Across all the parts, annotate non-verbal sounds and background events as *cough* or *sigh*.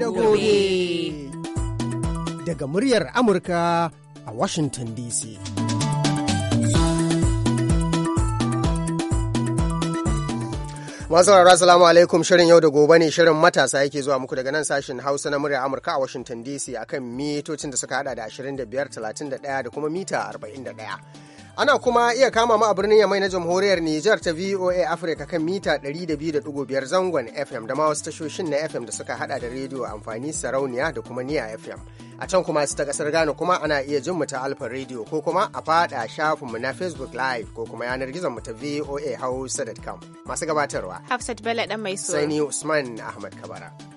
da gobe. Daga muryar Amurka a Washington DC. Masu rarra salamu alaikum shirin yau da gobe ne shirin matasa yake zuwa muku daga nan sashen Hausa na murya Amurka a Washington DC akan mitocin da suka hada da 25, 31 da kuma mita 41. Ana kuma iya kama mu a birnin Yamai na Jamhuriyar Nijar ta VOA Africa kan mita 200.5 zangon FM da ma wasu tashoshin na FM da suka hada da rediyo amfani sarauniya da kuma niya FM. A can kuma su ta kasar Ghana kuma ana iya jin mu ta Alfa rediyo ko kuma a fada shafinmu na Facebook Live ko kuma yanar gizon mu ta VOA Hausa.com. Masu gabatarwa. Hafsat Bello dan mai Sani Usman Ahmad Kabara.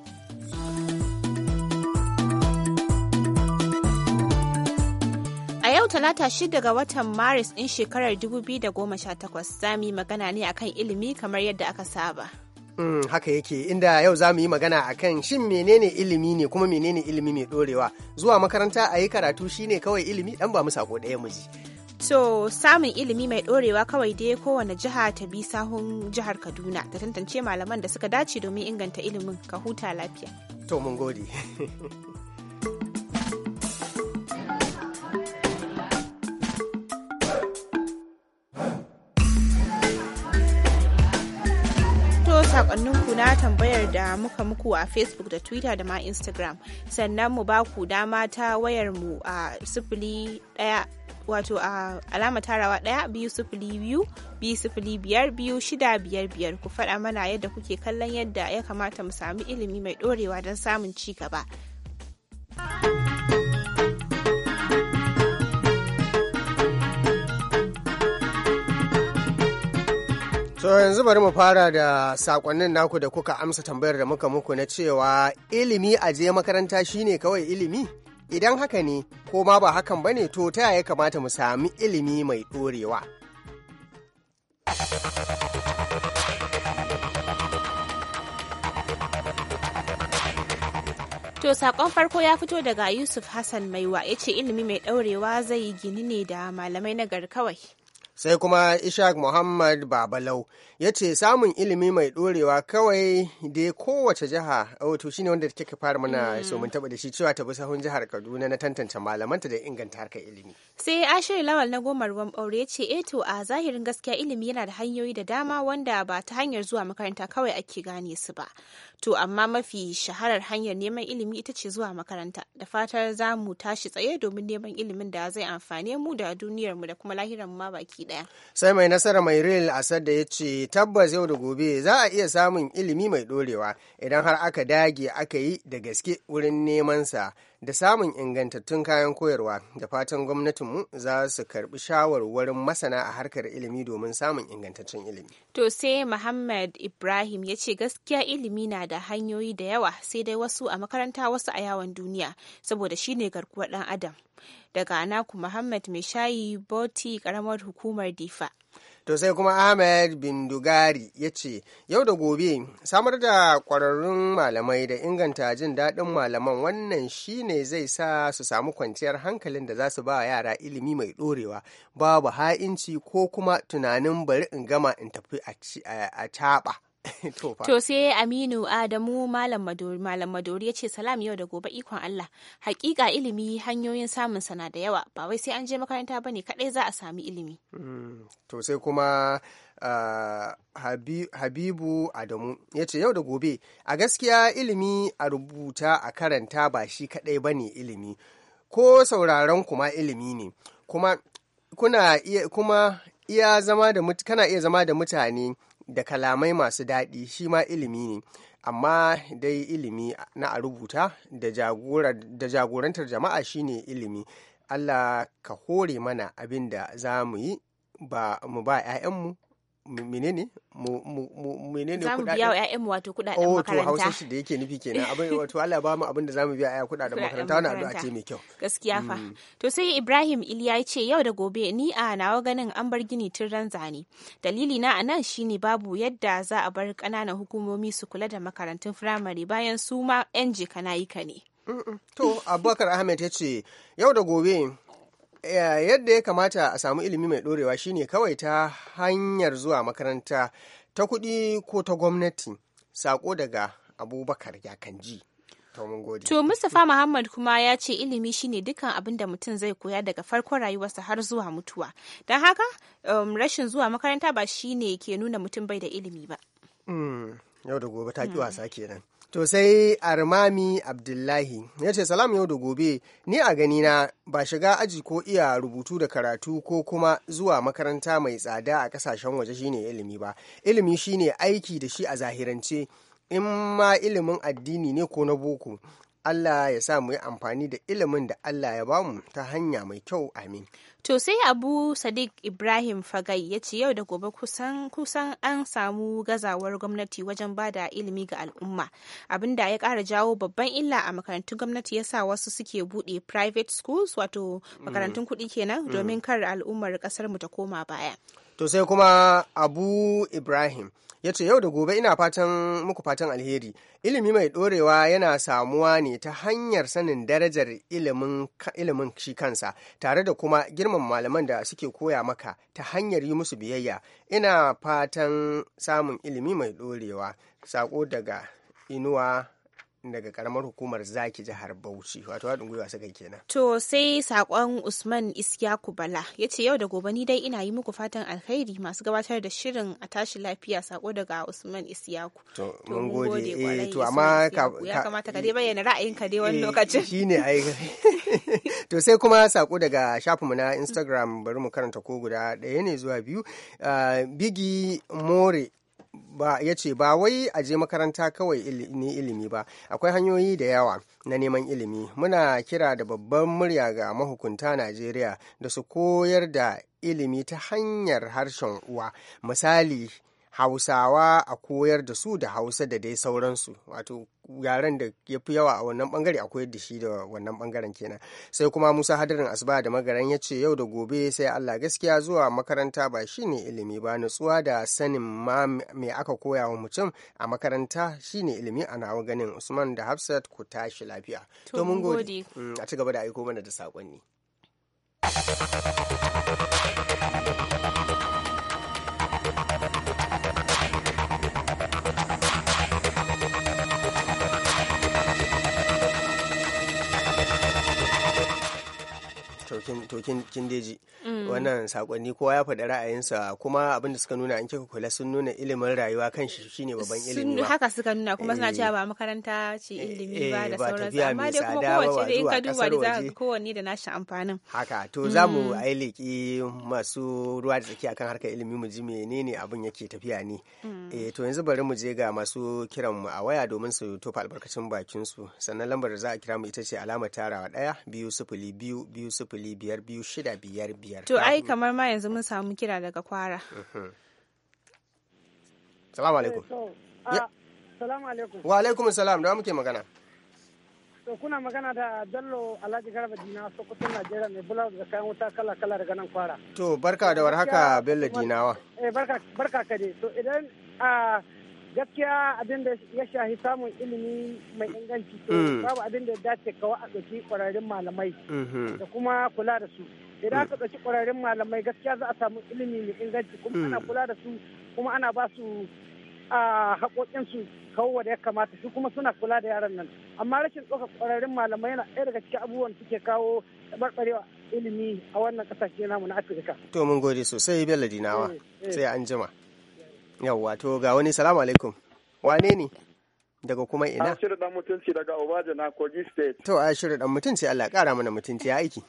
talata shi daga watan Maris ɗin shekarar 2018 za mu yi magana ne akan ilimi kamar yadda aka saba. Mm, haka yake inda yau za mu yi magana a kan shin menene ilimi ne kuma menene ilimi mai dorewa zuwa makaranta a yi karatu shine kawai ilimi dan ba mu sako ɗaya mu ji. So samun ilimi mai ɗorewa kawai dai kowane jiha ta bi sahun jihar Kaduna ta tantance malaman da suka dace domin inganta ilimin ka huta lafiya. To mun gode. *laughs* na tambayar da muka muku a facebook da twitter da ma instagram sannan mu ba ku dama ta wayar mu a sufuli daya wato a alama tarawa daya biyu sufuli biyu biyu sufuli biyar biyu shida biyar biyar ku faɗa mana yadda kuke kallon yadda ya kamata mu sami ilimi mai ɗorewa don samun ci gaba To yanzu bari mu fara da sakonnin naku da kuka amsa tambayar da muka muku na cewa ilimi a je makaranta shine kawai ilimi? Idan haka ne, ko ma ba hakan ba ne to ta ya kamata mu sami ilimi mai ɗorewa. To sakon farko ya fito daga Yusuf Hassan Maiwa ya ce ilimi mai ɗorewa zai gini ne da malamai na gari kawai. sai kuma ishaq muhammad babalau ya ce samun ilimi mai dorewa kawai da kowace jiha eh, wato shine wanda kika fara mana mm. so mun taba da shi cewa ta bi sahun jihar kaduna na tantance malamanta da inganta harkar ilimi sai ashir lawal na goma ruwan ɓaure ya ce eto eh a zahirin gaskiya ilimi yana da hanyoyi da dama wanda ba ta hanyar zuwa makaranta kawai ake gane su ba to amma mafi shaharar hanyar neman ilimi ita ce zuwa makaranta da fatar za mu tashi tsaye domin neman ilimin da zai amfane mu da duniyarmu da kuma lahirar mu ma baki ɗaya. Sai mai nasara mai ril Asad da ya ce tabbas yau da gobe za a iya samun ilimi mai ɗorewa idan har aka dage aka yi da gaske wurin neman sa. da samun ingantattun kayan koyarwa da fatan gwamnatinmu za su karbi shawarwarin masana a harkar ilimi domin samun ingantaccen ilimi. To sai Muhammad Ibrahim ya ce gaskiya ilimi na da hanyoyi da yawa sai dai wasu a makaranta wasu a yawon duniya saboda shi ne garkuwar ɗan adam. Daga Anaku Muhammad mai shayi Boti karamar hukumar Difa. to sai kuma ahmed bindugari ya ce yau da gobe samar da kwararrun malamai da inganta jin daɗin malaman wannan shine zai sa su samu kwanciyar hankalin da za su ba yara ilimi mai ɗorewa babu ha'inci ko kuma tunanin bari in gama in tafi a *laughs* To sai Aminu Adamu Malam Madori ya ce salam yau da gobe ikon Allah. Hakika ilimi hanyoyin samun sana da yawa ba wai sai an je makaranta bane kadai za a sami ilimi. Mm, to sai kuma ah, Habibu Adamu ya ce yau da gobe a gaskiya ilimi a rubuta a karanta ba shi kadai bane ilimi. Ko sauraron kuma ilimi ne. Kuma kana iya zama da mutane da kalamai masu daɗi shi ma ilimi ne amma dai ilimi na a rubuta da jagorantar jama'a shine ilimi allah ka hore mana abin da za mu yi ba mu ba 'ya'yanmu menene menene kudaden oh, makaranta da yake nufi kenan abin *laughs* wato Allah ba mu abin da zamu biya ya kudaden makaranta wannan addu'a ce mai kyau gaskiya fa mm. to sai Ibrahim Iliya ya ce yau da gobe ni a nawa ganin an bar gini tun ran zane dalili na anan shine babu yadda za a bar kananan hukumomi su kula da makarantun firamare bayan su ma yan jika yi ka ne to Abubakar Ahmed ya ce yau da gobe yadda ya kamata a samu ilimi mai ɗorewa shine kawai ta hanyar zuwa makaranta ta kuɗi ko ta gwamnati sako daga abubakar yakanji To Mustapha Muhammad kuma ya ce ilimi shine dukkan abin da mutum zai koya daga farkon rayuwarsa har zuwa mutuwa. Don haka um, rashin zuwa makaranta ba shine ke nuna mutum bai da ilimi ba. Mm. yau da gobe ta ki mm. wasa kenan To sai Armami Abdullahi ya ce salam yau da gobe ni a ganina ba shiga aji ko iya rubutu da karatu ko kuma zuwa makaranta mai tsada a kasashen waje shine ilimi ba. Ilimi shine aiki da shi a zahirance in ma ilimin addini ne ko na boko Allah ya sa mu yi amfani da ilimin da Allah ya bamu ta hanya mai kyau amin. To sai Abu Sadiq Ibrahim Fagai ya ce yau da gobe kusan kusan an samu gazawar gwamnati wajen ba da ilimi ga al'umma. Abinda ya ƙara jawo babban illa a makarantun gwamnati ya sa wasu suke buɗe private schools wato mm. makarantun kuɗi kenan mm. domin kar al'ummar ƙasar mu ta koma baya. To sai kuma Abu Ibrahim ya ce yau da gobe ina fatan muku fatan alheri ilimi mai ɗorewa yana samuwa ne ta hanyar sanin darajar ilimin shi kansa tare da kuma girman malaman da suke koya maka ta hanyar yi musu biyayya ina fatan samun ilimi mai ɗorewa sako daga inuwa daga karamar hukumar zaki jihar bauchi wato haɗin gwiwa suka kenan to sai sakon usman isyaku bala ya ce yau da gobe ni dai ina yi muku fatan alkhairi masu gabatar da shirin a tashi lafiya sako daga usman isyaku to mun gode eh to amma ya kamata ka dai bayyana ra'ayinka dai wani eh, lokacin shine ai *laughs* to sai kuma sako daga shafin mu na instagram bari mu karanta ko guda ɗaya ne zuwa biyu ah, bigi more ba ya ce ba wai a je makaranta kawai ne ilimi ba akwai hanyoyi da yawa na neman ilimi muna kira da babban murya ga mahukunta najeriya da su koyar da ilimi ta hanyar harshen uwa misali hausawa a koyar da su da hausa da dai sauransu wato yaren da ya fi yawa a wannan bangare a koyar da shi da wannan bangaren kenan sai kuma musa hadarin asuba da magaran ya ce yau da gobe sai allah gaskiya zuwa makaranta ba shine ilimi ba nutsuwa da sanin ma me aka koya wa mutum a makaranta shine ilimi a nawa ganin usman da hafsat ku tashi lafiya to mun mm, a ci gaba da aiko mana da saƙonni tokin deji mm. wannan sakonni kowa ya faɗi ra'ayinsa kuma abin da suka nuna an kika kula sun nuna ilimin rayuwa kan shi shine babban ilimi sun haka suka nuna kuma suna eh. cewa ba makaranta ce ilimi ba eh, da eh, sauransu amma dai kuma kowace da in ka duba da zaka kowanne da nashi amfanin haka to zamu mm. ai leki masu ruwa da tsaki akan harkar ilimi mu ji menene abin yake tafiya ne mm. eh to yanzu bari mu je ga masu kiran mu a waya domin su tofa albarkacin bakin su sannan lambar da za a kira mu ita ce alamar tarawa ɗaya biyu sifili biyu biyu sifili sifili biyar biyu shida biyar biyar. To ai kamar ma yanzu mun samu kira daga kwara. Mhm. Salamu alaikum. Eh, ah, salamu alaikum. Wa alaikum salam da muke magana. To kuna magana da Bello Alhaji Garba Dina Sokoto Najeriya mai bula da kayan wuta kala kala daga nan kwara. To barka da warhaka Bello Dinawa. Eh barka barka ka dai. To idan a ah, gaskiya abin da ya shahi samun ilimi mai inganci mm. babu abin da dace kawai a ɗauki ƙwararrun malamai mm-hmm. da kuma kula da su idan mm. aka ɗauki ƙwararrun malamai gaskiya za a samu ilimi mai inganci kuma ana mm. kula da su kuma ana ba su a haƙoƙinsu kawo da ya kamata su kuma suna kula da yaran nan amma rashin ɗaukar ƙwararrun malamai yana ɗaya daga cikin abubuwan suke kawo barbarewa ilimi a wannan ƙasashe namu na afirka to mun gode sosai bello dinawa eh, eh. sai an jima yawwa to ga wani salamu alaikum wane ne daga kuma ina ashiru dan mutunci daga obaja na kogi state to ashiru ɗan mutunci Allah kara mana mutunci ya aiki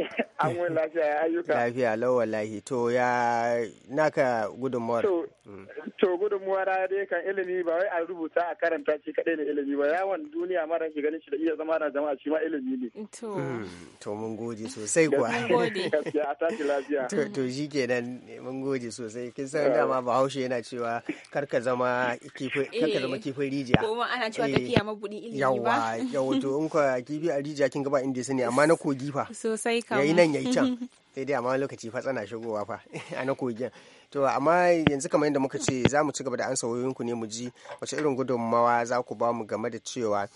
*laughs* an wani lafiya ayyuka lafiya lawa lahi to ya naka gudunmuwar to mm. gudunmuwar dai kan ilimi ba wai a rubuta a karanta shi kadai ne ilimi ba yawon duniya mara shi ganin shi da iya zama na jama'a shi ma ilimi ne to mm. mun gode sosai kuwa *laughs* to to shi kenan mun gode sosai kin san eh. dama bahaushe yana cewa karka zama kifin karka eh. zama kifin rijiya kuma ana cewa tafiya eh. mabuɗi ilimi ba yawa yawa to in ka kifi a rijiya kin gaba ba inda sani amma na kogi fa sosai yayi nan yayi can *laughs* sai dai amma lokaci fa tsana shigowa fa *laughs* a na kogin to amma yanzu kamar yadda muka ce za mu ci gaba da ansa wayoyinku ne mu ji wace irin gudummawa za ku ba mu game da cewa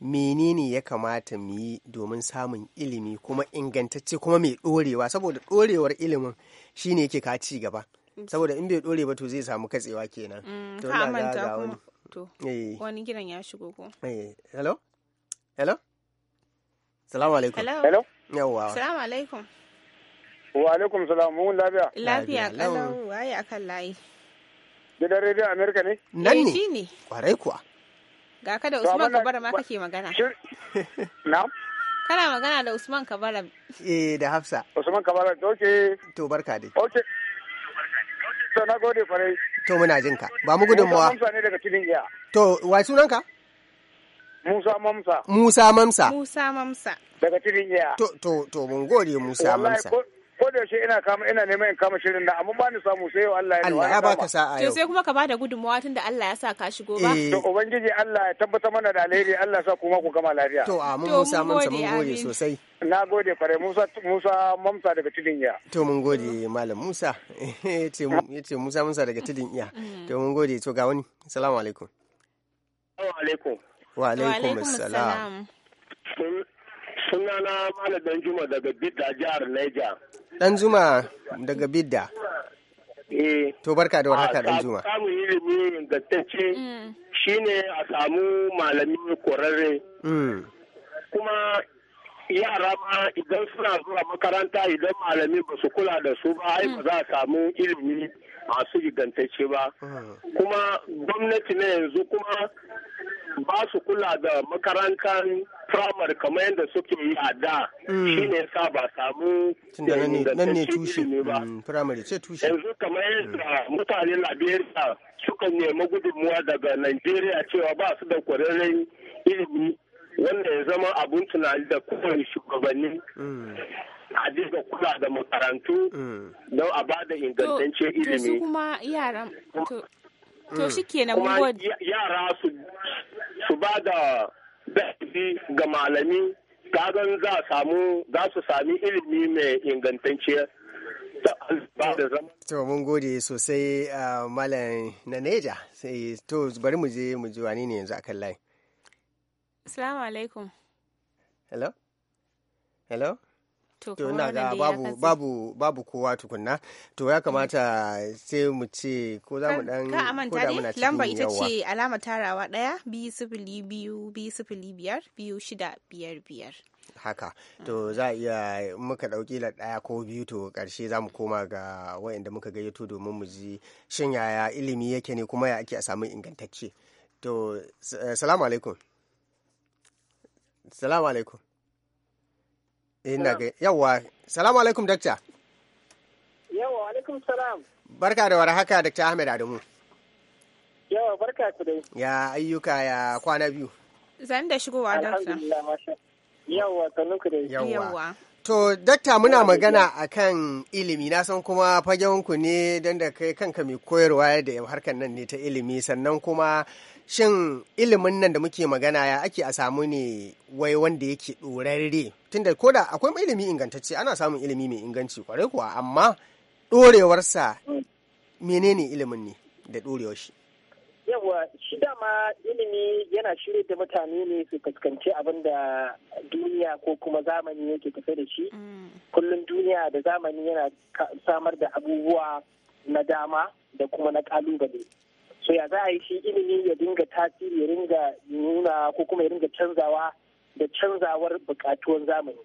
menene ya kamata mu yi domin samun ilimi kuma ingantacce kuma mai ɗorewa? saboda dorewar ilimin shine yake ka ci gaba saboda in bai dore ba to zai samu katsewa kenan mm, to da ga wani eh. wani gidan ya shigo ko eh. hello hello salamu alaikum hello Yawwa. Salamu alaikum. Wa alaikum salam mun lafiya. Lafiya kalau waye akan layi. Gidan rediyo america ne? Nan ne. Eh, shi ne. Kwarai kuwa. Ga ka da Usman Kabara ma kake magana. *laughs* Na? Kana magana da Usman Kabara. Eh da Hafsa. Usman Kabara to To barka dai. Okay. To na gode kwarai. To muna jinka. Ba mu gudunmawa. To wa sunanka? Musa Mamsa. Musa Mamsa. Musa Mamsa. Daga cikin iya. To, to, to, mun gode Musa Mamsa. ko da yaushe ina kama ina neman in kama shirin na amma bani samu sai yau Allah ya Allah ya baka sa'a yau sai kuma ka bada gudunmawa tun da Allah ya sa ka shigo ba eh. to ubangiji Allah ya tabbata mana da alheri Allah ya sa kuma ku gama lafiya to amma mun Musa Mamsa mun gode sosai na gode fare Musa Musa Mamsa daga Tudun Iya to mun gode malam Musa *laughs* yace Musa Mamsa daga Tudun Iya mm. to mun gode to ga wani assalamu alaikum assalamu alaikum Wa alaikum salam. Sunana dan Danjuma daga Bidda jihar Dan Danjuma daga Bidda. Eh. To barka da warhaka a Samun ilimi ingantacce mm. shine a samu malami kwararre. Mm. Kuma yara ma idan suna zuwa makaranta idan malami ba su kula da su ba ai ba mm. za a samu ilimi masu ingantacce ba hmm. kuma gwamnati na yanzu kuma ba su kula da makarantar firamare kamar yadda suke yi a da hmm. shi ne sa ba samu nan ne tushe hmm, firamare ce tushe yanzu kamar yadda mutane liberia suka nemi gudunmuwa daga nigeria cewa ba su da kwararren ilimi wanda ya zama abun tunani da kowane shugabanni a dinga kula da makarantu mm. don a bada ingantacce ilimi. kuma yara. to shi kenan yara su ba da ga malami kagan za samu za su sami ilimi mai ingantacciya To mun gode sosai Malam Neja sai to bari mu je mu ji wani ne yanzu akan layi. Assalamu alaikum. Hello? Hello? to ina ga babu babu babu kowa tukunna to ya kamata sai mu ce ko za mu dan ka amanta ne lamba ita ce alama tarawa daya biyu sifili biyu biyu sifili biyar biyu shida biyar biyar haka mm. to za a iya muka ɗauki la daya ko biyu to karshe za mu koma ga waɗanda muka gayyato domin mu ji shin yaya ilimi yake ne kuma ya ake a samu ingantacce to salamu alaikum salamu alaikum Eh, ina ga yawa. Salamu alaikum dakta. Yawa alaikum salam. Barka da warhaka dakta Ahmed Adamu. Yawa barka ku dai. Ya ayyuka ya kwana biyu. Zan da shigowa dakta. Yawa sanu ku dai. Yawa. To, dakta muna magana a kan ilimi, na san kuma fagenku ne don da kai kanka mai koyarwa yadda harkar nan ne ta ilimi, sannan kuma shin ilimin nan da muke magana ya ake a samu ne wai wanda yake ɗorarre tunda ko da akwai ilimi ingantacce ana samun ilimi mai inganci kwarai kuwa amma ɗorewarsa menene ilimin ne da ɗorewar shi yawa shi dama ilimi yana shirya da mutane ne su fuskanci abin da duniya ko kuma zamani yake tafe da shi mm. kullum duniya da zamani yana samar da abubuwa na dama da kuma na ƙalubale. so ya za a yi shi ilimi ya dinga tasiri ya dinga nuna ko kuma ya dinga canzawa da canzawar bukatuwan zamani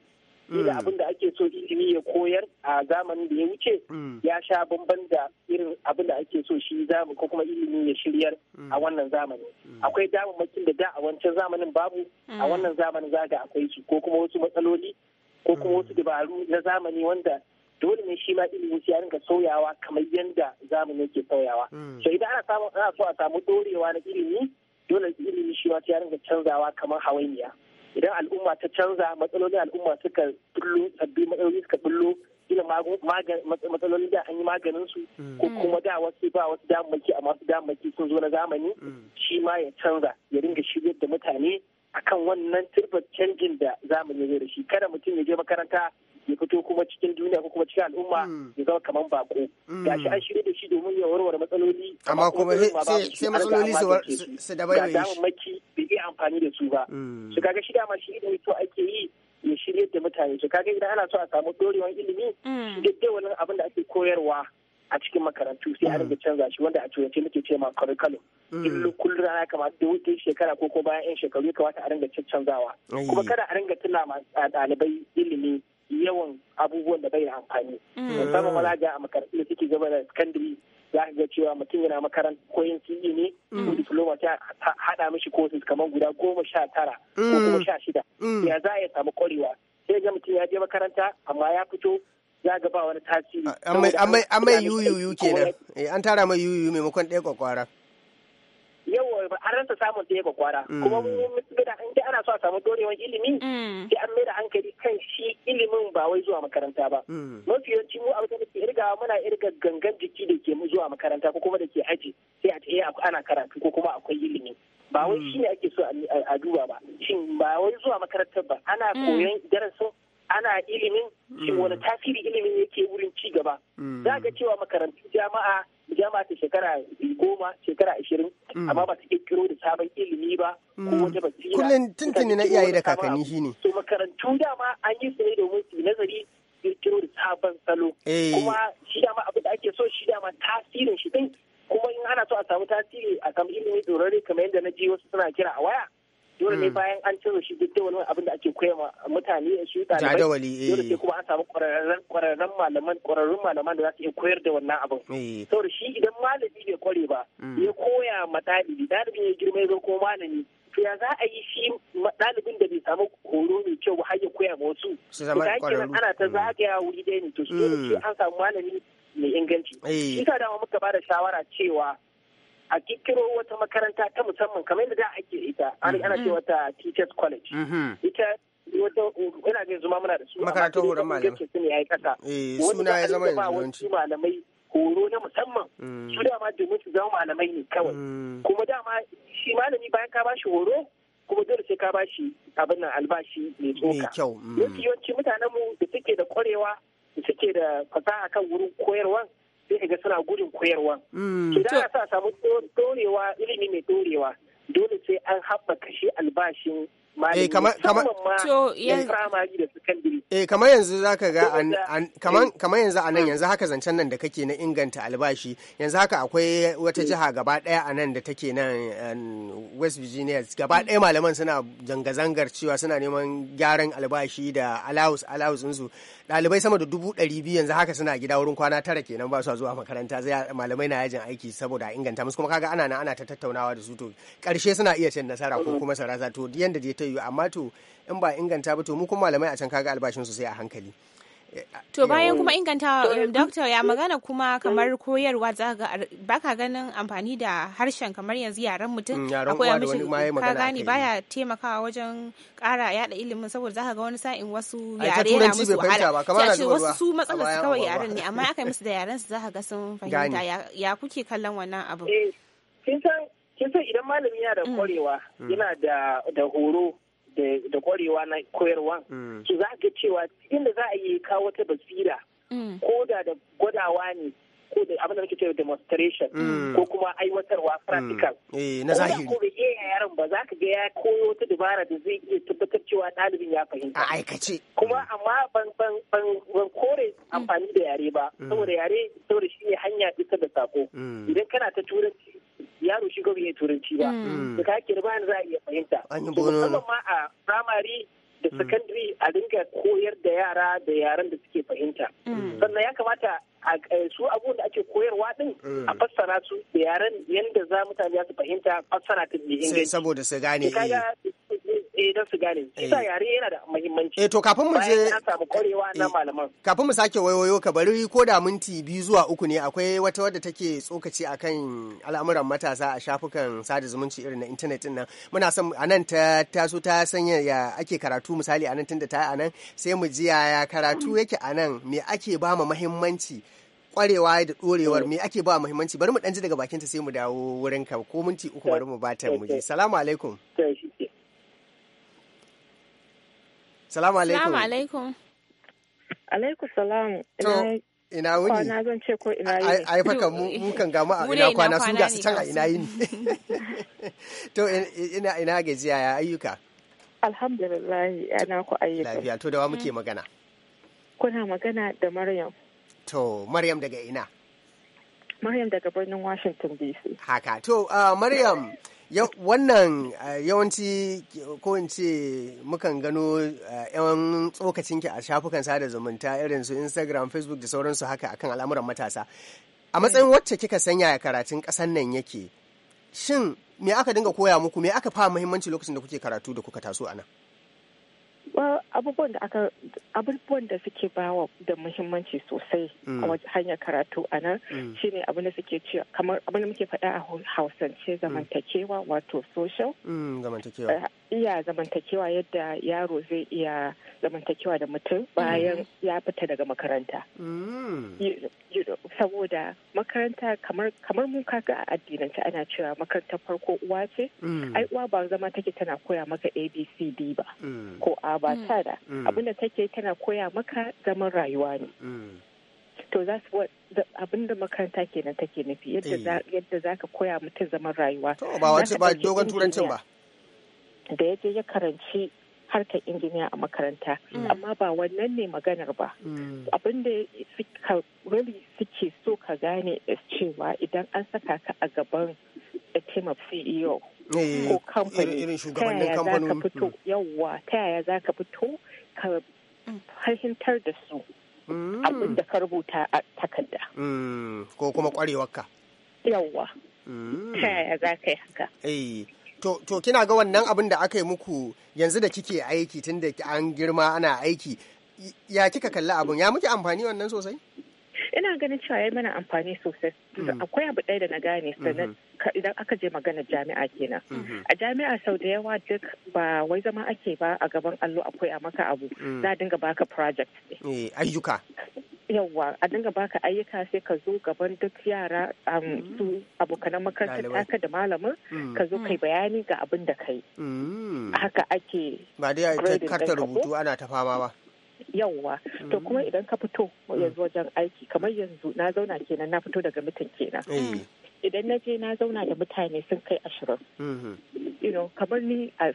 da mm. abin da ake so ilimi ya koyar a zamanin da ya wuce mm. ya sha bamban da irin abin da ake so shi zamu ko kuma ilimi ya shiryar mm. a wannan zamani. akwai damammakin da da a wancan zamanin babu a wannan zamanin zaga akwai su ko kuma wasu matsaloli ko kuma wasu dabaru na zamani wanda dole ne shi ma ilimi sai ya rinka sauyawa kamar yadda zamani yake sauyawa mm. so idan ana samu ana so a samu dorewa na ilimi dole ilimi shi ma sai ya rinka canzawa kamar hawainiya idan al'umma ta canza matsalolin al'umma suka bullo sabbi matsaloli suka bullo kila matsalolin da an yi maganin su mm. ko kuma da wasu ba wasu damaki amma su damaki sun zo na zamani mm. shi ma ya canza ya ringa shiryar da mutane akan wannan turbar canjin da zamani zai da shi kada mutum ya je makaranta ya fito kuma cikin duniya ko kuma cikin al'umma mm. ya zama kamar bako mm. shi an shirya da shi domin ya warware matsaloli amma kuma sai matsaloli su da bai da maki da iya amfani da su ba mm. su kaga shi dama shi ilimi to ake yi ya shirya da mutane su kaga idan ana so a samu dorewan ilimi daidai wani abin da ake koyarwa a cikin makarantu sai a rage canza shi wanda a turance muke ce ma curriculum illu kullum ya kamata da wuce shekara ko ko bayan yan shekaru ya kamata a rage canzawa kuma kada a rage tuna ma ɗalibai ilimi yawan abubuwan da bai da amfani mm. musamman wala ga a makarantu da suke gaba da secondary za ka ga cewa mutum yana makarantar koyon CE ne mm. ko diploma ta hada mishi courses kamar guda goma sha tara ko mm. kuma sha shida ya za yi samu kwarewa sai ga mutum ya je makaranta amma ya fito ya ga ba wani tasiri an mai kenan eh, an tara mai yuyu maimakon ɗaya kwakwara yawa an rasa samun ɗaya kwara. Mm. kuma in ana so a samu dorewar ilimi mm. sai an da hankali kan shi ilimin ba wai zuwa makaranta ba mm. mafi yawanci mu abin da ke irgawa muna irga gangan jiki da ke mu zuwa makaranta ko kuma da ke aji sai a ce eh, ana karatu ko kuma akwai ilimi ba wai shi ne ake so a duba ba shin ba wai zuwa makaranta ba ana koyon darasin ana ilimin shin wani tasiri ilimin yake wurin ci gaba za ga cewa makarantu jama'a jama ta shekara goma shekara ashirin mm. amma ba ta kirkiro da sabon ilimi ba ko mm. wata basira kullum tuntuni na iyaye da kakanni shine to makarantu dama an yi su ne domin su nazari kirkiro da sabon salo eh. kuma shi dama abin da ake so shi dama tasirin shi din kuma in ana so a samu tasiri a kan ilimi dorare kamar yadda na ji wasu suna kira a waya dole ne mm. bayan an cire shi duk wani abin da ake koya ma mutane shi eh dole sai kuma an samu ƙwararren malaman ƙwararrun malaman da za su iya koyar da wannan abin eh. saboda shi idan malami bai kware ba mm. ya koya ma dalibi dalibi ya girma ya zo ko malami to ya za a yi shi dalibin da bai samu horo mai kyau har ya koya ma wasu su zama ƙwararru ana ta mm. zagaya wuri dai ne to su an samu malami mai inganci. Eh. Shi ka dama muka ba da shawara cewa a kirkiro wata makaranta ta musamman kamar yadda da ake ita ana ce mhm. wata teachers college mhm. ita wata ina jin zuma muna da su makarantar horon malamai su ne yayi kasa eh, suna ya zama yanzu malamai horo na musamman mm. su dama domin su zama malamai ne kawai mm. kuma dama shi malami bayan ka bashi horo kuma dole sai ka bashi abin nan albashi mai tsoka mm. yawanci mutanen mu da suke da kwarewa da suke da fasaha kan wurin koyarwa sai ga suna gudun koyarwa. Mm, idan a sa samu dorewa ilimi mai dorewa dole sai an haɓaka shi albashin malami eh, musamman eh, kamar yanzu ga eh. a nan ah. yanzu haka zancen nan da kake na inganta albashi yanzu haka akwai wata jiha gaba daya a nan da take nan um, West Virginia gaba daya malaman suna zanga-zangar cewa suna neman gyaran albashi da allowance allowance ɗinsu ɗalibai sama da dubu ɗari biyu yanzu haka suna gida wurin kwana tara kenan ba su zuwa makaranta zai malamai na yajin aiki saboda inganta musu kuma kaga ana nan ana ta tattaunawa da su to ƙarshe suna iya cin nasara ko mm. kuma sarasa to yanda je ta zai yi amma to in ba inganta ba to mu kuma malamai a can kaga albashin su sai a hankali to bayan kuma inganta doctor ya magana kuma kamar mm. koyarwa za ka baka ganin amfani da harshen kamar yanzu yaran mutum mm, akwai amshi ka gani baya taimakawa wajen kara yada ilimin saboda zaka ga wani sa'in wasu yare na musu wahala ce wasu su matsalar su kawai yaran ne amma aka yi musu da yaran su zaka ga sun fahimta ya kuke kallon wannan abu eh, kin san Kin san idan malami yana da mm. kwarewa mm. yana da horo da kwarewa na koyarwa ki mm. za ka cewa inda za a yi kawo wata basira ko da da gwadawa ne ko da abin da muke cewa demonstration ko kuma aiwatarwa practical eh, na zahiri ko da iya yaron ba za ka ga ya koyo ta dabara da zai iya tabbatar cewa ɗalibin ya fahimta a aikace kuma amma ban ban ban ban kore amfani da yare ba saboda yare saboda shi ne hanya isa da sako idan kana ta turanci yaro shi ya turanci ba da mm. mm. ka ke ba za a iya fahimta musamman ma a firamare da mm. sakandare a dinga koyar da yara da yaran da suke fahimta sannan ya kamata Eh, su abubuwan da ake koyarwa din eh. a fassara su da yaren yadda za mutane su fahimta fassara ta biyu sai saboda su gane eh. eh don su gane kisa yare yana da muhimmanci eh to kafin mu je samu kwarewa na malaman kafin mu sake wayoyo ka bari ko da minti biyu zuwa uku ne akwai wata wadda take tsokaci akan al'amuran matasa a shafukan sada zumunci irin na intanet din nan muna son anan ta taso ta sanya ya ake karatu misali anan tunda ta anan sai mu ji yaya karatu *clears throat* yake anan me ake bama mu muhimmanci kwarewa da ɗorewar eh. me ake ba muhimmanci bari mu ɗan ji daga bakin ta sai mu dawo wurin ka ko minti uku bari mu bata mu je eh. salamu alaikum salamu alaikum salamu alaikum salamu salam ina wuni a zan ce ko ina ai mu kan gamu a ina kwana su ga su can a ina yi *laughs* to ina ina gajiya ya ayyuka alhamdulillah ana ku ayyuka lafiya to da wa muke mm. magana kuna magana da maryam To, Maryam daga ina? Maryam daga birnin Washington DC. Haka, to, uh, Maryam, wannan uh, yawanci ko in ce mukan gano uh, yawan tsokacinki a shafukan sada zumunta irin su Instagram, Facebook da sauransu haka akan al'amuran matasa. A matsayin mm. wacce kika sanya ya karatun kasan nan yake, shin me aka dinga koya muku, me aka fa muhimmanci lokacin da kuke karatu da kuka taso a nan? abubuwan da suke bawa da muhimmanci sosai mm. a hanyar karatu a nan mm. shine abin da suke ce kamar abin da muke faɗa a hausance mm. zamantakewa wato social eh, iya zamantakewa yadda yaro zai iya zamantakewa da mutum mm. bayan ya fita daga makaranta. Mm. Saboda makaranta kamar mun kaga a addinance ana cewa makarantar farko uwa ce, mm. ai uwa ba zama take tana koya maka ABCD ba ko A ba ta da abinda take tana koya maka zaman rayuwa ne. to za su abin da makaranta kenan take nufi eh. yadda za ka koya mutum zaman rayuwa. To ba wace ba dogon turancin ba. da ya je ya karanci harkar injiniya a makaranta mm. amma ba wannan ne maganar ba mm. abin da suke so ka gane cewa idan an saka ka a gaban team of ceo eh, ko kamfani ta yaya za ka fito mm. yawwa ta yaya za ka fito ka fahimtar da su abin da ka rubuta a takarda ko kuma kwarewarka yawwa ta yaya za ka yi haka eh. to kina ga wannan abin da aka yi muku yanzu da kike aiki tun da an girma ana aiki ya kika kalli abin ya muke amfani wannan sosai ina ganin cewa ya mana amfani sosai mm-hmm. akwai abu ɗaya da na gane sannan mm-hmm. idan aka je magana jami'a kenan mm-hmm. a jami'a sau da yawa duk ba wai zama ake ba a gaban allo akwai a maka abu mm. za a dinga baka project ne eh, ayyuka yawwa a dinga baka ayyuka sai ka zo gaban duk yara mm. su abokanan makarantar taka da malamin mm. ka zo kai mm. bayani ga abin da kai haka ake ba dai karta rubutu ana ta fama ba yawwa to kuma idan ka fito yanzu wajen aiki kamar yanzu na zauna kenan na fito daga mutum kenan eh. idan na je na zauna da mutane sun kai ashirin mm-hmm. you know kamar ni a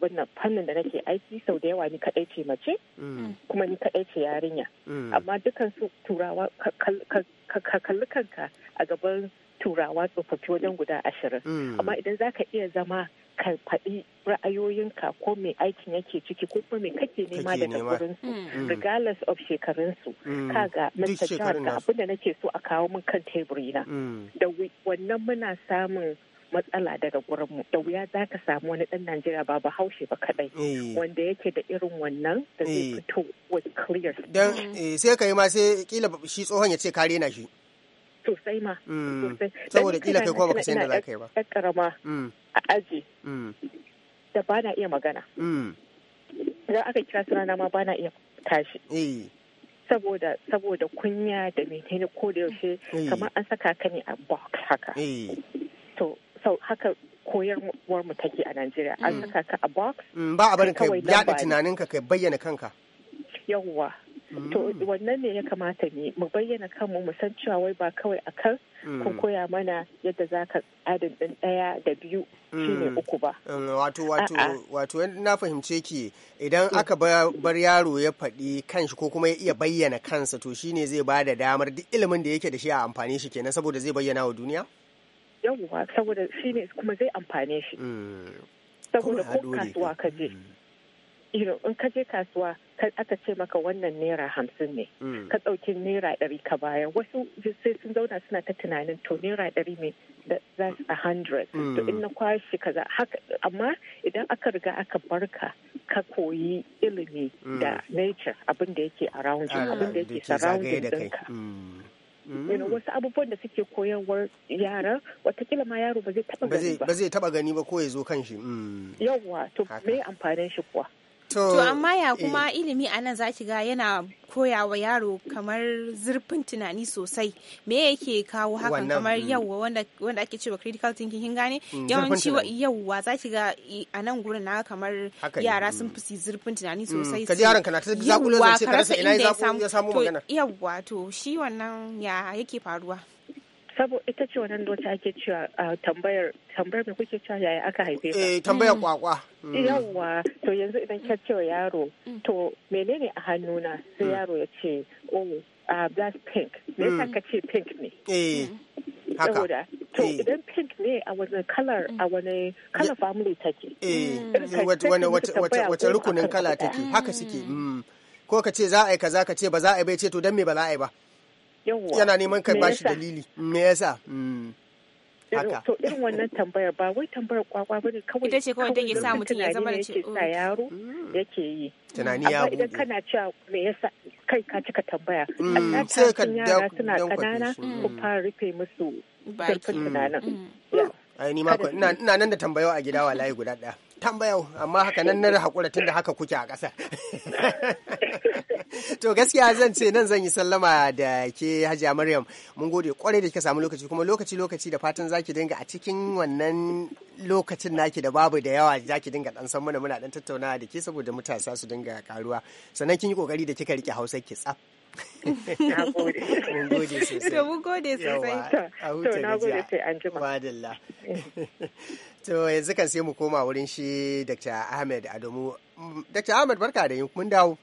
wannan fannin da nake aiki sau da yawa ni kaɗai ce mace mm-hmm. kuma ni kaɗai ce yarinya mm-hmm. amma dukan su turawa ka kalli kanka a gaban turawa tsofaffi wajen guda ashirin amma idan za ka iya zama ka faɗi ra'ayoyinka ko mai aikin yake ciki ko kuma mai kake nema daga gurinsu mm. Mm. regardless of shekarunsu mm. kaga Mr. Jihar ga abin da nake so a kawo min kan teburi na da wannan muna samun matsala daga gurinmu da wuya za ka samu wani ɗan Najeriya ba bahaushe ba kadai eh. wanda yake da irin wannan da zai eh. fito with clear dan eh, sai kai ma sai kila shi tsohon ya ce kare na shi sosai ma saboda kila kai kuma baka san da za ka yi ba a aji mm. da ba na iya magana mm. idan aka kira rana ma ba na iya tashi eh. saboda saboda kunya da menene ko da yaushe eh. kamar an saka ka ne a box haka eh. to sau haka koyarwar mu take a Najeriya an mm. saka ka a box ba a barin ka yaɗa tunaninka ka bayyana kanka yawwa to mm. wannan ne ya kamata ne mu bayyana kanmu mu san cewa wai ba kawai a kan mm. kun koya mana yadda za ka adin ɗin ɗaya da biyu shine mm. uku ba wato wato wato na fahimce ki idan aka bar yaro ya faɗi kanshi ko kuma ya iya bayyana kansa to shine zai ba da damar duk ilimin da yake da shi a amfani shi kenan saboda zai bayyana wa duniya yawwa saboda shine kuma zai amfane shi saboda ko kasuwa ka je in ka je kasuwa aka ce maka wannan naira hamsin ne mm. ka ɗauki naira ɗari ka bayar wasu sai sun zauna suna ta tunanin to naira ɗari ne that's a hundred to mm. in na kwashi kaza haka amma idan aka riga aka barka ka koyi ilimi mm. da nature abin da yake around you abin da yake surrounding ɗinka yana wasu abubuwan da suke koyarwar yara watakila ma yaro ba zai taba gani ba ba zai taba gani ba ko ya zo kan shi yawwa to me amfanin shi kuwa To amma ya kuma eh. ilimi a nan zaki ga yana koya wa yaro kamar zurfin tunani sosai me yake kawo hakan kamar mm. yau wanda, wanda ake cewa critical thinking kin gane mm, yawanci yawwa za ki ga a nan gurin na kamar yara mm. sun fi zurfin tunani sosai kaji yaron kana ta zakulo zance ka rasa ina ya samu magana to shi wannan ya yake faruwa sabo ita ce wannan doce ake cewa tambayar tambayar me kuke cewa yaya aka haife ka eh tambayar mm. kwakwa mm. yawwa to yanzu idan ka wa yaro mm. to menene a hannuna sai yaro ya ce oh A black pink me yasa ka ce pink ne eh haka to eh. idan pink ne a wani kalar a wani kalar family take eh wace rukunin kala take haka suke ko ka ce za a yi kaza ka ce ba za a yi bai ce to dan me ba za a yi ba yana neman ba bashi dalili me yasa hmm, haka to irin wannan tambayar ba wai tambayar kwakwa bane kawai ita ce kawai take sa mutum ya zama da ce sa yaro hmm. yake yi tunani ya buɗe idan kana cewa me yasa kai ka cika tambaya Allah ta san yara suna kanana ku hmm. fara rufe musu zurfin tunanin ai ni ma ina nan da tambayo a gida wallahi guda ɗaya tambayau amma haka nan na haƙura tun da haka kuke a ƙasa *laughs* to gaskiya zan ce nan zan yi sallama da ke hajiya maryam mun gode kwarai da kika samu lokaci kuma lokaci lokaci da fatan zaki dinga a cikin wannan lokacin naki da babu da yawa zaki dinga dan san mana muna dan tattauna da ke saboda matasa su dinga karuwa sannan kin yi kokari da kika rike hausar ki tsaf *laughs* Mun gode sosai. Mun gode sosai. A huta gajiya. Madalla. Eh. *laughs* To yanzu kan sai mu koma wurin shi Dr. Ahmed Adamu. Mm, Dr. Ahmed barka da yin mun dawo.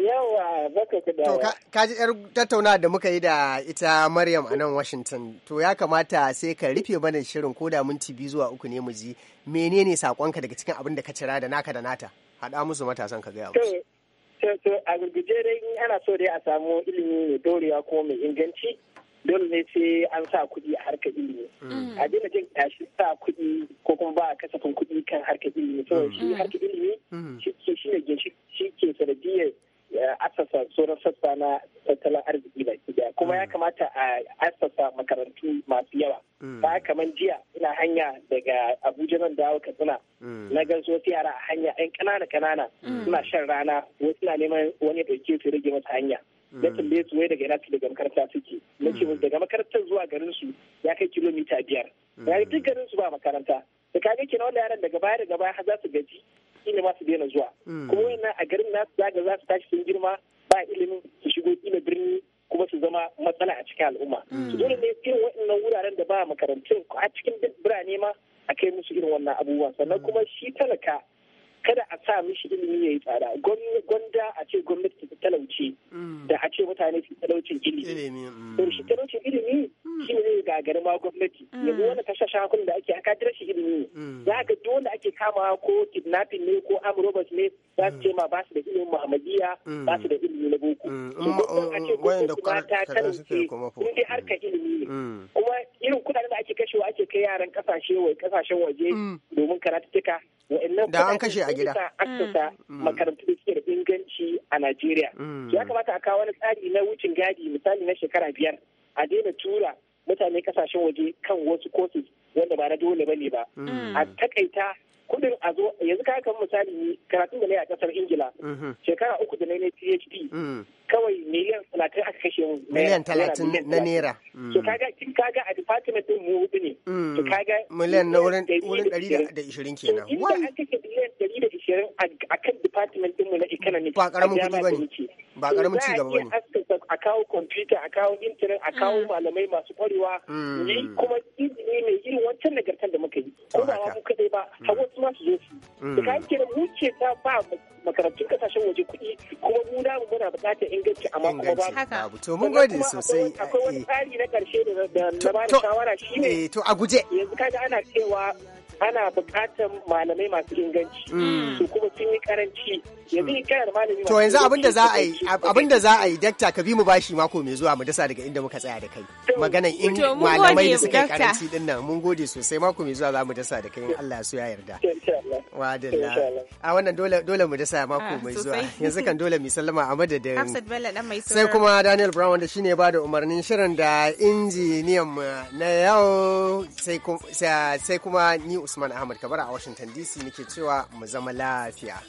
Yawa baka ku dawo. To ka ji yar tattauna da muka yi da ita Maryam a nan Washington. To ya kamata sai ka rufe mana shirin koda minti biyu zuwa uku ne mu ji menene sakonka daga cikin abin da ka cira da naka da nata. Haɗa musu matasan ka gaya musu. to a gurguje dai in ana so dai a samu ilimi mai dorewa ko mai inganci dole ne sai an sa kuɗi a harkar ilimi mm. a dina jin tashi sa kuɗi ko kuma ba a kasafin kuɗi kan harkar ilimi saboda shi mm. harkar ilimi mm. shi ne shi ke sanadiyar Eh, asasa sauran sassa na tattalin arziki baki daya kuma ya mm. kamata a asasa makarantu masu yawa mm. ba kamar jiya ina hanya daga abuja nan dawo katsina mm. na gan wasu yara a hanya yan kanana kanana suna shan rana wasu na neman wani ya dauke su rage masa hanya na tambaye su wai daga ina daga makaranta suke na ce daga makarantar zuwa garin su ya kai kilomita biyar ya duk garin su ba makaranta da kaga kenan wanda yaran daga baya daga baya za su gaji kila su daina zuwa hmm. kuma wannan a garin nasu zaga za su tashi sun girma ba ilimin su shigo kila birni kuma su zama matsala a cikin al'umma hmm. su dole ne irin waɗannan wuraren da ba makarantun a cikin birane ma a kai musu irin wannan abubuwan sannan hmm. kuma shi talaka kada a sa mishi ilimi ya yi tsada gwanda a ce gwamnati ta talauci mm. da a ce mutane su talaucin ilimi mm. to shi talaucin ilimi mm. shi ne zai gagari ma gwamnati yanzu wani kashe shakun da ake aka rashin ilimi za ga duk wanda ake kamawa ko kidnapping ne ko arm robbers ne za su ce ma ba su da ilimin muhammadiya ba su da ilimi na boko to a ce gwamnati ma ta talauce in dai harkar ilimi ne kuma irin kudaden da ake kashewa ake kai yaran kasashe kasashen waje domin karatuttuka wa'annan da an kashe a a gida assasa mm. mm. makarantu da suke da inganci a Najeriya mm. ya kamata a kawo wani tsari na wucin gadi misali na shekara biyar a daina tura mutane kasashen waje kan wasu courses wanda ba na dole bane ba a takaita kudin a zo yanzu ka kan misali karatun da na yi a kasar Ingila mm-hmm. shekara uku da na PhD kawai miliyan talatin aka kashe mu miliyan talatin na naira to mm. kaga kin kaga a department din mu hudu ne to mm. kaga miliyan na wurin wurin 120 kenan wai an kashe miliyan 120 a kan department din mu na economics ba karamin kudi bane ba karamin ci gaba bane a kawo computer a kawo internet a kawo mm. malamai masu kwarewa mm. ni kuma izini mai irin wancan nagartar da muka yi ko ba mu kadai ba mm. har wasu ma su zo su da kan kira mu ce ta ba makarantun kasashen waje kuɗi kuma mu da mu muna buƙatar inganci amma kuma ba mu to mun gode sosai akwai wani eh. tsari na karshe da na ba da shawara shine eh, to a guje yanzu kaga ana cewa ana buƙatar malamai masu inganci mm. su kuma sun yi karanci ya bi mm. da malami to yanzu Abinda za a yi abinda za a yi dakta ka bi mu bashi mako mai zuwa mu dasa daga inda muka tsaya da kai maganan in malamai da suka yi karanci din nan mun gode sosai mako mai zuwa za mu dasa da kai in Allah ya so ya yarda wa a wannan dole dole mu dasa mako ah, mai zuwa yanzu kan dole mu sallama a madadin Hafsat Bello dan mai sai kuma Daniel Brown wanda shine ya bada umarnin shirin da injiniyan na yau sai kuma ni Usman Ahmad Kabara a Washington DC nake cewa mu zama lafiya.